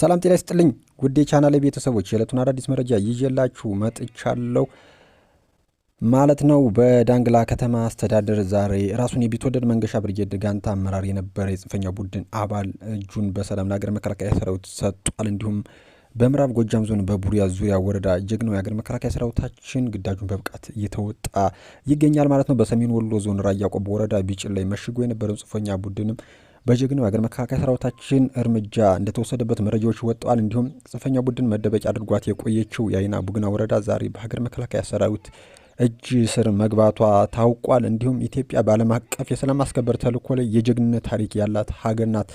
ሰላም ጤና ይስጥልኝ ውድ የቻናሌ ቤተሰቦች የዕለቱን አዳዲስ መረጃ ይዤላችሁ መጥቻለሁ ማለት ነው። በዳንግላ ከተማ አስተዳደር ዛሬ ራሱን የቢትወደድ መንገሻ ብርጌድ ጋንታ አመራር የነበረ የጽንፈኛ ቡድን አባል እጁን በሰላም ለሀገር መከላከያ ሰራዊት ሰጥቷል። እንዲሁም በምዕራብ ጎጃም ዞን በቡሪያ ዙሪያ ወረዳ ጀግናው የሀገር መከላከያ ሰራዊታችን ግዳጁን በብቃት እየተወጣ ይገኛል ማለት ነው። በሰሜን ወሎ ዞን ራያ ቆቦ ወረዳ ቢጭን ላይ መሽጎ የነበረው ጽንፈኛ ቡድንም በጀግናው የሀገር መከላከያ ሰራዊታችን እርምጃ እንደተወሰደበት መረጃዎች ወጥተዋል። እንዲሁም ጽንፈኛ ቡድን መደበቂያ አድርጓት የቆየችው የአይና ቡግና ወረዳ ዛሬ በሀገር መከላከያ ሰራዊት እጅ ስር መግባቷ ታውቋል። እንዲሁም ኢትዮጵያ በዓለም አቀፍ የሰላም ማስከበር ተልእኮ ላይ የጀግንነት ታሪክ ያላት ሀገር ናት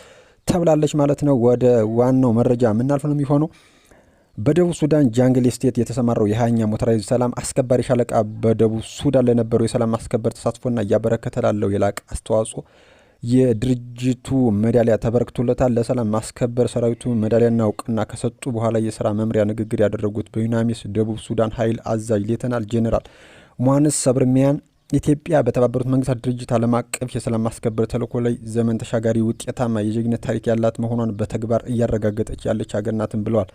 ተብላለች ማለት ነው። ወደ ዋናው መረጃ የምናልፍ ነው የሚሆነው በደቡብ ሱዳን ጃንግል ስቴት የተሰማራው የሀያኛ ሞተራይዝ ሰላም አስከባሪ ሻለቃ በደቡብ ሱዳን ለነበረው የሰላም ማስከበር ተሳትፎና እያበረከተ ላለው አስተዋጽኦ የድርጅቱ ሜዳሊያ ተበርክቶለታል። ለሰላም ማስከበር ሰራዊቱ ሜዳሊያና እውቅና ከሰጡ በኋላ የስራ መምሪያ ንግግር ያደረጉት በዩናሚስ ደቡብ ሱዳን ኃይል አዛዥ ሌተናል ጄኔራል ሞሐንስ ሰብርሚያን ኢትዮጵያ በተባበሩት መንግስታት ድርጅት ዓለም አቀፍ የሰላም ማስከበር ተልዕኮ ላይ ዘመን ተሻጋሪ ውጤታማ የጀግነት ታሪክ ያላት መሆኗን በተግባር እያረጋገጠች ያለች ሀገር ብለዋል።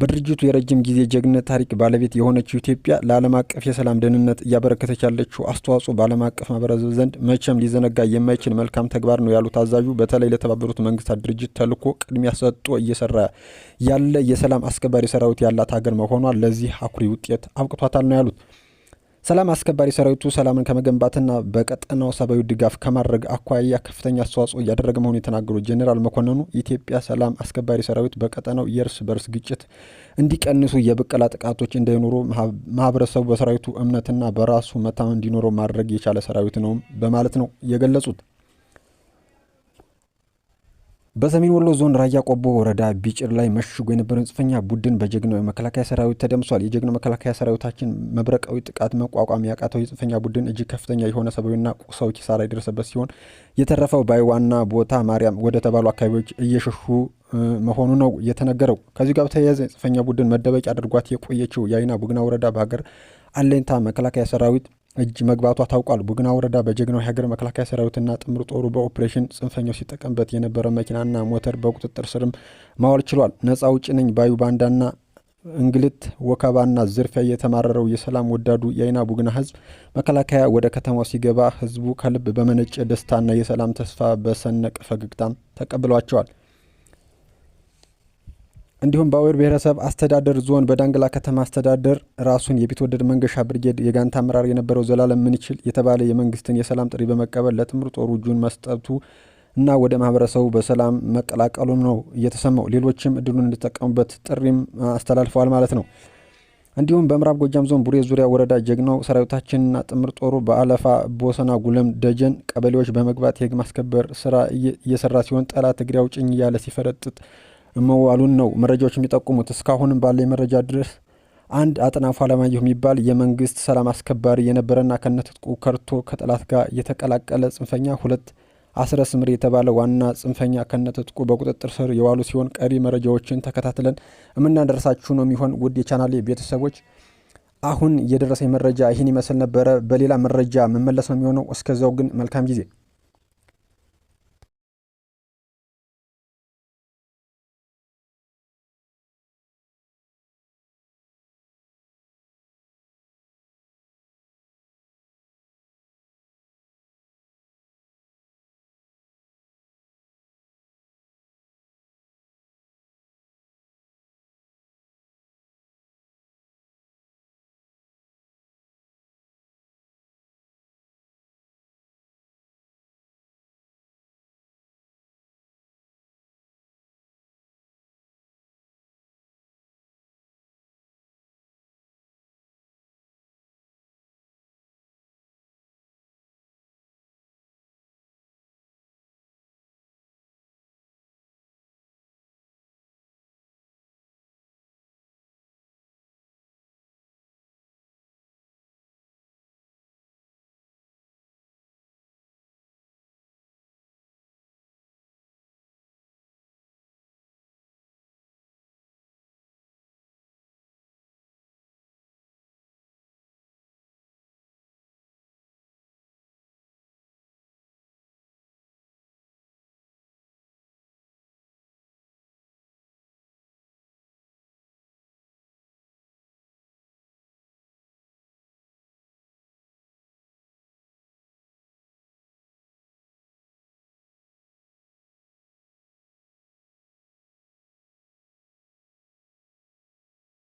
በድርጅቱ የረጅም ጊዜ ጀግነት ታሪክ ባለቤት የሆነችው ኢትዮጵያ ለዓለም አቀፍ የሰላም ደህንነት እያበረከተች ያለችው አስተዋጽኦ በዓለም አቀፍ ማህበረሰብ ዘንድ መቼም ሊዘነጋ የማይችል መልካም ተግባር ነው ያሉት አዛዡ በተለይ ለተባበሩት መንግስታት ድርጅት ተልዕኮ ቅድሚያ ሰጥቶ እየሰራ ያለ የሰላም አስከባሪ ሰራዊት ያላት ሀገር መሆኗ ለዚህ አኩሪ ውጤት አብቅቷታል ነው ያሉት። ሰላም አስከባሪ ሰራዊቱ ሰላምን ከመገንባትና በቀጠናው ሰብአዊ ድጋፍ ከማድረግ አኳያ ከፍተኛ አስተዋጽኦ እያደረገ መሆኑ የተናገሩት ጄኔራል መኮንኑ ኢትዮጵያ ሰላም አስከባሪ ሰራዊት በቀጠናው የእርስ በርስ ግጭት እንዲቀንሱ፣ የብቀላ ጥቃቶች እንዳይኖሩ፣ ማህበረሰቡ በሰራዊቱ እምነትና በራሱ መታመን እንዲኖረው ማድረግ የቻለ ሰራዊት ነው በማለት ነው የገለጹት። በሰሜን ወሎ ዞን ራያ ቆቦ ወረዳ ቢጭር ላይ መሽጎ የነበረውን ጽንፈኛ ቡድን በጀግናው የመከላከያ ሰራዊት ተደምሷል። የጀግናው መከላከያ ሰራዊታችን መብረቃዊ ጥቃት መቋቋም ያቃተው የጽንፈኛ ቡድን እጅግ ከፍተኛ የሆነ ሰብአዊና ቁሳዊ ኪሳራ የደረሰበት ሲሆን የተረፈው ባይዋና ቦታ ማርያም ወደ ተባሉ አካባቢዎች እየሸሹ መሆኑ ነው የተነገረው። ከዚህ ጋር በተያያዘ ጽንፈኛ ቡድን መደበቂያ አድርጓት የቆየችው የአይና ቡግና ወረዳ በሀገር አለኝታ መከላከያ ሰራዊት እጅ መግባቷ ታውቋል። ቡግና ወረዳ በጀግናው የሀገር መከላከያ ሰራዊትና ጥምር ጦሩ በኦፕሬሽን ጽንፈኛው ሲጠቀምበት የነበረ መኪናና ሞተር በቁጥጥር ስርም ማዋል ችሏል። ነጻ አውጪ ነኝ ባዩ ባንዳና እንግልት ወከባና ዝርፊያ የተማረረው የሰላም ወዳዱ የአይና ቡግና ህዝብ መከላከያ ወደ ከተማው ሲገባ ህዝቡ ከልብ በመነጨ ደስታና የሰላም ተስፋ በሰነቀ ፈገግታም ተቀብሏቸዋል። እንዲሁም በአዌር ብሔረሰብ አስተዳደር ዞን በዳንግላ ከተማ አስተዳደር ራሱን የቢትወደድ መንገሻ ብርጌድ የጋንታ አመራር የነበረው ዘላለም ምንችል የተባለ የመንግስትን የሰላም ጥሪ በመቀበል ለጥምር ጦሩ እጁን መስጠቱ እና ወደ ማህበረሰቡ በሰላም መቀላቀሉም ነው እየተሰማው። ሌሎችም እድሉን እንዲጠቀሙበት ጥሪም አስተላልፈዋል ማለት ነው። እንዲሁም በምዕራብ ጎጃም ዞን ቡሬ ዙሪያ ወረዳ ጀግናው ሰራዊታችንና ጥምር ጦሩ በአለፋ ቦሰና፣ ጉለም፣ ደጀን ቀበሌዎች በመግባት የህግ ማስከበር ስራ እየሰራ ሲሆን ጠላት እግሬ ጭኝ እያለ ሲፈረጥጥ መዋሉን ነው መረጃዎች የሚጠቁሙት። እስካሁንም ባለ መረጃ ድረስ አንድ አጥናፉ አለማየሁ የሚባል የመንግስት ሰላም አስከባሪ የነበረና ከነትጥቁ ከርቶ ከጠላት ጋር የተቀላቀለ ጽንፈኛ፣ ሁለት አስረ ስምር የተባለ ዋና ጽንፈኛ ከነትጥቁ በቁጥጥር ስር የዋሉ ሲሆን ቀሪ መረጃዎችን ተከታትለን የምናደርሳችሁ ነው የሚሆን። ውድ የቻናሌ ቤተሰቦች አሁን የደረሰኝ መረጃ ይህን ይመስል ነበረ። በሌላ መረጃ መመለስ ነው የሚሆነው። እስከዛው ግን መልካም ጊዜ